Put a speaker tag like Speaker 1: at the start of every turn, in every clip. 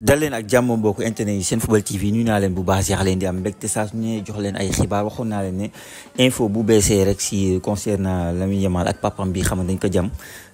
Speaker 1: dal leen ak jàmm mbokku internet yi seen football tv nuyu naa leen bu baax seex leen di am mbégte saa su ne jox leen ay xibaar waxoon naa leen info bu beesee rek si concernant Lamine Yamal ak papam bi xam ne dañ ko jam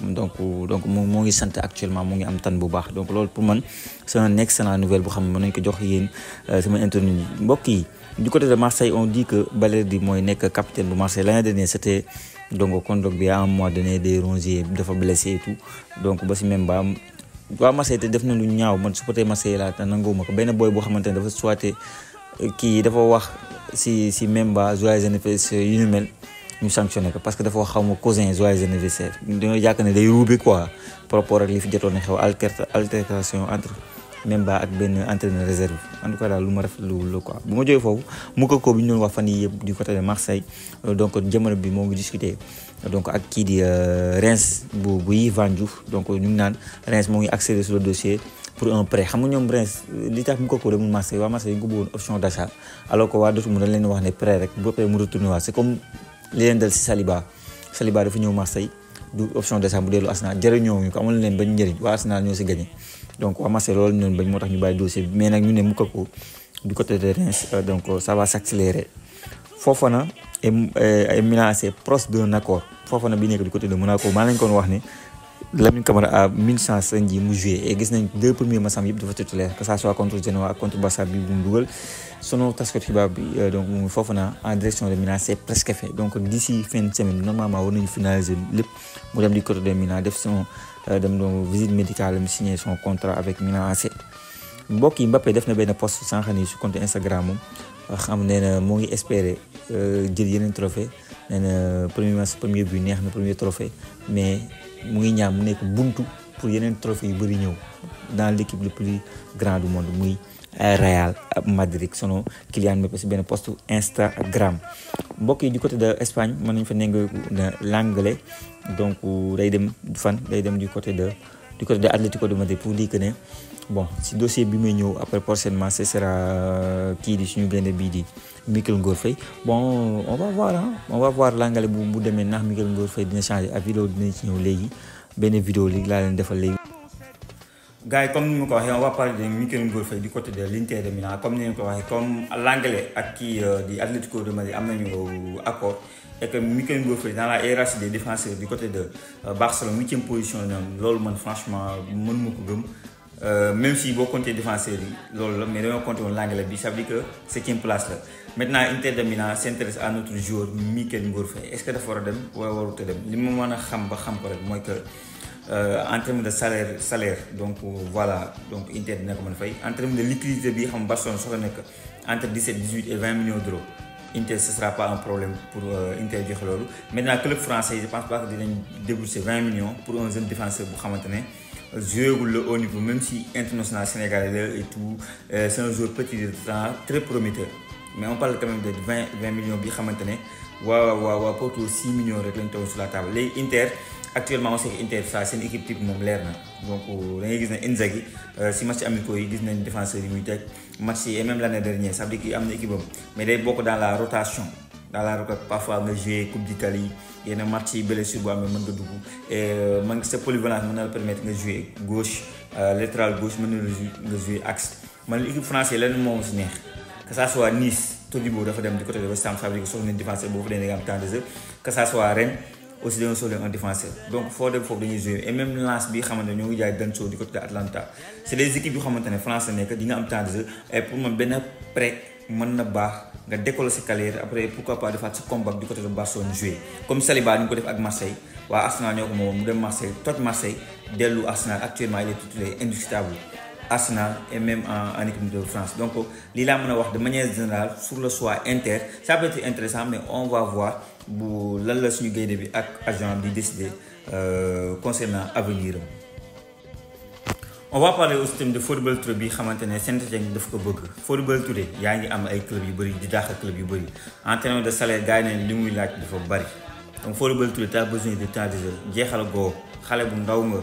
Speaker 1: donc donc mo mo ngi sante actuellement mo ngi am tan bu baax donc lolou pour man c'est un excellent nouvelle bu xam man ñu ko jox yeen sama interne ñi mbokk yi du côté de Marseille on dit que Balerdi moy nek capitaine bu Marseille l'année dernière c'était donc kon donc bi am mois donné des rongiers dafa blessé et tout donc ba ci même ba wa Marseille def na lu ñaaw man supporter Marseille la nanguma ko ben boy bo xamantene dafa souhaiter eh, ki dafa wax si si même ba joyeux anniversaire yu mel nous sanctionné parce que dafa cousin joyeux anniversaire dañu jàkk day roubi quoi par rapport ak li xew altercation entre même ak entraîneur en tout cas quoi du côté de Marseille euh, donc bi donc ak di euh, Reims bu donc ñu sur le dossier pour un prêt xam nga ñoom Reims li tax ko Marseille Marseille option d'achat alors que wax prêt c'est comme. li leen dal si Saliba Saliba dafa ñëw Marseille du option décembre bu dellu Arsenal jëriñoo ñu ko amul leen bañ njëriñ waa Arsenal ñoo si gagné donc waa Marseille loolu ñu doon bañ moo tax ñu bàyyi dossier bi mais nag ñu ne Mukako du côté de Reims euh, donc ça va s'accélérer Fofana euh, est menacé proche d'un accord Fofana bi nekk du côté de Monaco maa lañ koon wax ni Lamine Camara à 1100 yi mu joué et gis nañ deux premiers matchs am dafa titulaire que ça soit contre Genoa contre Barça bi bu mu dugal selon taskat bi euh, donc foofu na en direction de Milan c'est presque fait donc d'ici fin de semaine normalement war nañu finaliser lépp mu dem di côté de Milan def son euh, dem doon visite médicale et signé son contrat avec Milan AC mbokk yi Mbappé def na benn post sànq nii su compte Instagram moom xam nee na mo ngi espérer euh, jël yeneen trophée nee na premier match premier but neex na premier trophée mais muy ñaan mu nekk buntu pour yeneen trophée yu bëri ñëw dans l' équipe le plus grand du monde muy Real Madrid sono Kylian Mbappé si benn post Instagram mbokk yi du côté de Espagne mën nañu fa nengu na l'anglais donc day dem fan day dem du côté de du côté de Atlético de Madrid pour dire que ne bon si dossier bi may ñëw après prochainement ce sera euh, kii di suñu gaynde bii di Mikel Ngor Faye bon on va voir ah on va voir l'anglais bu bu demee ndax Mikel Ngor Faye dina changer ak vidéo dinañ ci ñëw léegi benn vidéo léegi laa leen defal léegi. gars yi comme ni mu ko waxee on va parler de Mikel Ngor Faye du côté de l'Inter de Milan comme ni ma ko waxee comme l'anglais ak kii euh, di Atlético de Madrid am nañu euh, accord et que Mikel Ngor Faye dans la hiérarchie des défenseurs du côté de euh, Barcelone position loolu man franchement mënuma ko gëm. Euh, même si vous comptez défenseur, mais vous comptez l'anglais, ça veut dire que c'est une place. Maintenant, Inter de Milan s'intéresse à notre joueur Mikel Ngourfay. Est-ce que vous avez ou vous Je pense que je sais, c'est euh, en termes de salaire, salaire donc voilà, donc Inter En termes de liquidité, je entre 17, 18 et 20 millions d'euros. Inter, ce ne sera pas un problème pour euh, Inter de Maintenant, le club français, je ne pense pas a déboursé 20 millions pour un jeune défenseur pour joueur le haut niveau, même si international sénégalais et tout, euh, c'est un joueur petit de temps, très prometteur. Mais on parle quand même de 20, 20 millions, bien maintenant. Waouh, waouh, waouh, pour 6 millions de sur la table. Les Inter, actuellement, on sait que Inter, c'est une équipe type mon l'air. Donc, on a vu Inzaghi, euh, si match amicaux, ils disent une défenseur limité, match, et même l'année dernière, ça veut dire qu'il y a une équipe, mais il est beaucoup dans la rotation dans la roquette parfois nga joué Coupe d'Italie un match blessure bu amee man nga dugg et euh, man c'est polyvalence man la permettre nga jouer gauche euh, latéral gauche man le la nga joué axe man l'équipe française lenn moom si neex que ça soit Nice Todibo dafa dem du côté de West Ham ça veut dire que soxla défenseur boo fa nga am temps de jeu que ça soit Rennes aussi dañoo soxla un défenseur donc foo dem foofu dañuy joué et même lance bi xamante ñu ngi jaay Danso du côté de Atlanta c'est des équipes yoo xamante ne France nekk di nga am temps de jeu et pour me ben prêt mën na baax nga décoller sa carrière après pourquoi pas defaat ce combat du côté de Barcelone comme Saliba ko Marseille Arsenal Marseille Marseille Arsenal actuellement il est indiscutable Arsenal et même en, équipe de France donc lii laa mën de manière générale sur le choix Inter ça peut être intéressant mais on va voir bu lan la suñu décider euh, concernant avenir on va parler aussi tamit de Fodibel Touré bi xamante ne Saint-Étienne daf ko bëgg Fodibel Touré yaa ngi am ay club yu bëri di dàq club yu bëri en terme de salaire gars yi ne li muy laaj dafa bëri donc Fodibel Touré t'as besoin xale bu ndaw nga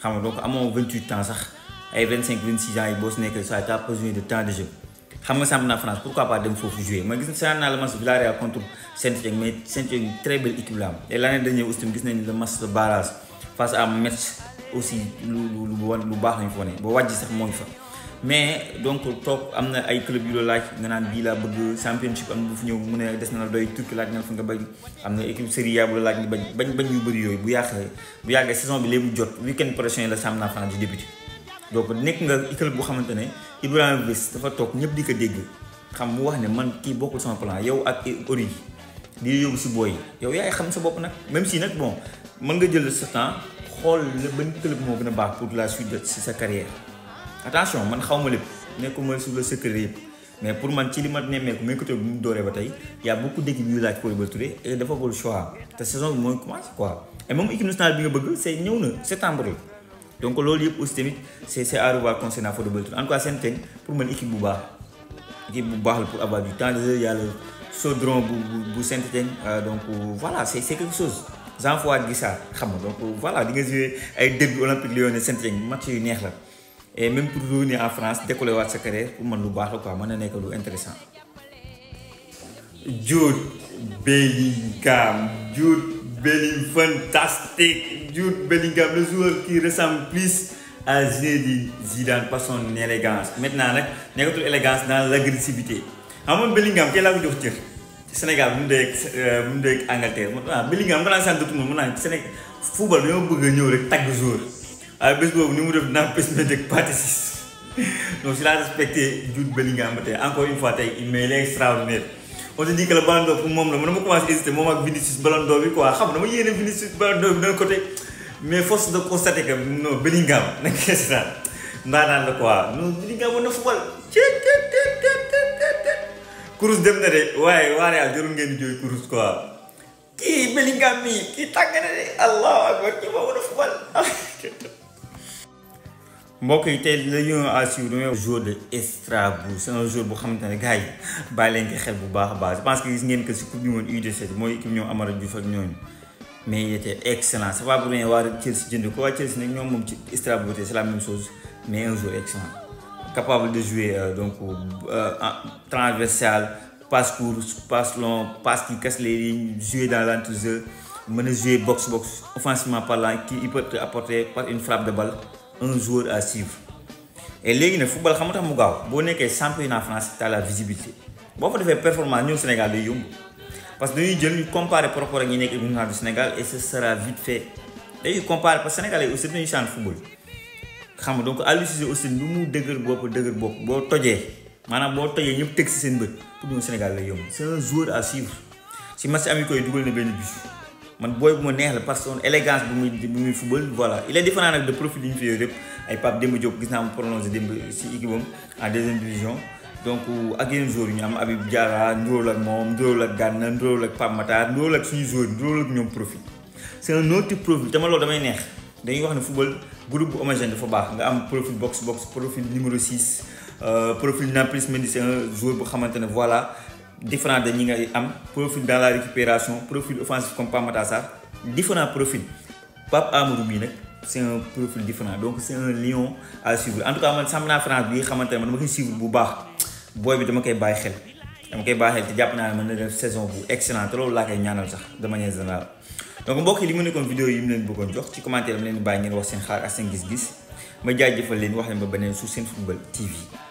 Speaker 1: xam nga donc amoo 28 sax ay 25 26 ans yi boo si nekkee ça t'as besoin de temps de jeu xam nga championnat France pourquoi pas dem foofu jouer ma gis ne seetaan naa le match Villarreal contre Saint-Étienne mais Saint-Étienne équipe la am et l'année dernière aussi gis nañ face à Metz aussi lu lu lu baax lañ fa ne boo wàjj sax mooy fa mais donc toog am na ay club yu la laaj nga naan bii laa bëgg championship am bu fi ñëw mu ne des na la doy turki laaj nga nga bañ am na équipe Serie bu la laaj nga bañ bañ bañ yu bëri yooyu bu yàqee bu yàggee saison bi léegi jot week-end prochain la Sam Naffan di débuté donc nekk nga club bu xamante ne Ibrahimovic dafa toog ñëpp di ko dégg xam mu wax ne man kii bokkul sama plan yow ak Origi di yóbbu si booy yow yaay xam sa bopp nag même si nag bon man nga jël sa temps xool la ban club moo gën a baax pour la suite de si sa carrière attention man xaw ma lépp nekkuma sur le secret yëpp mais pour man ci li ma nemmeeku may côté bi mu dooree ba tey y' a beaucoup d'équipes yu laaj Paul Iba Touré et dafa gol choix te saison bi mooy commencé quoi et moom équipe bi nga bëgg c'est ñëw na septembre la donc loolu yëpp aussi tamit c'est a à revoir concernant Paul Iba Touré en tout cas seen teñ baax équipe bu baax la pour yàlla Chaudron bu bu Saint-Étienne euh, donc euh, voilà c'est quelque chose Jean Fouad Guissard xam nga donc euh, voilà di nga joué ay début Olympique Lyonnais Saint-Étienne match yu neex la et même pour revenir en France décoller waat sa carrière pour man lu baax quoi moi na nekk lu intéressant Jude Bellingham Jude Bellingham fantastique Jude Bellingham le joueur qui ressemble plus à Zinedine Zidane par son élégance maintenant nag nekkatul élégance dans l'agressivité xam nga Bellingham kee laa ko jox cër Sénégal bu mu dee euh, bu mu dee Angleterre waaw Bellingham nga naan sant tout le monde Sénégal football dañoo bëgg a ñëw rek tag joueur waaye bés boobu ni mu def naa bés ma dëkk parti donc si laa respecté Jude Bellingham ba tey encore une fois tey mais il est extraordinaire on dit que le ballon d'or pour moom la man dama commencé hésité moom ak Vinicius ballon d'or bi quoi xam dama yéene Vinicius ballon d'or bi d'un côté mais force de constater que non Bellingham nag instant ndaanaan la quoi non Bellingham mën na football. kurus dem na de waaye waare yaa jarul ngeen di jooy kurus quoi kii Bellingham mi kii tàng de allahu akbar kii ma war a fubal mbokk yi tey la ñu à suivre de Strasbourg c'est un jour bu xam ne gars yi bàyyi leen ko xel bu baax a baax je pense que ngeen que si coupe du monde U17 mooy équipe ñoom Amara Diouf ak ñooñu mais il était excellent c'est pas pour rien waa Chelsea jënd ko waa Chelsea nag ñoom moom ci Strasbourg c'est la même chose mais un jour capable de jouer euh, donc euh, transversal, passe court, passe long, passe qui casse les lignes, jouer dans l'enthousiasme, mener jouer box-box, offensivement parlant, qui peut apporter une frappe de balle un joueur à suivre. Et là, le football xam nga tax mu gaaw champion en championnat France as la visibilité Si tu defee performance au Sénégal day yomb parce que nous, jël comparer par rapport ak ñi Sénégal et ce sera vite fait Et nous comparons, parce que le Sénégal, est aussi champ de football xam nga donc Aliou aussi lu mu dëgër bopp dëgër bopp boo tojee maanaam boo tojee ñëpp teg si seen bët pour ñun Sénégal lay yomb c'est un joueur à suivre si match amicaux yi dugal na benn but. man booy bu ma neex la parce que élégance bu muy bu muy football voilà il est différent nag de profil yi ñu fi yooyu yëpp ay Pape Demba Diop gis naa mu prolongé Demb si équipe am en deuxième division donc ak yeneen joueurs ñu am Habib Diarra nduróol ak moom nduróol ak Gana nduróol ak Pape Matar nduróol ak suñu joueurs nduróol ak ñoom profil c'est un autre profil te ma loolu damay neex dañuy wax ne football groupe bu homogène dafa baax nga am profil box box profil numéro 6 euh, profil Nampalys Mendy c'est un joueur bu xamante ne voilà différent de ñi nga am profil dans la récupération profil offensif comme par Matar Sarr différent profil Pape Amadou bii nag c'est un profil différent donc c'est un lion à suivre en tout cas man sàmm naa France bi nga xamante ne man dama koy suivre bu baax booy bi dama koy bàyyi xel dama koy bàyyi xel te jàpp naa ne na def saison bu excellente loolu laa koy ñaanal sax de manière générale donc mbokk yi li mu nekkoon vidéo yi mu leen bëggoon jox ci commentaire am leen bàyyi ngeen wax seen xaar ak seen gis-gis ma jaajëfal leen wax leen ba beneen su seen football TV.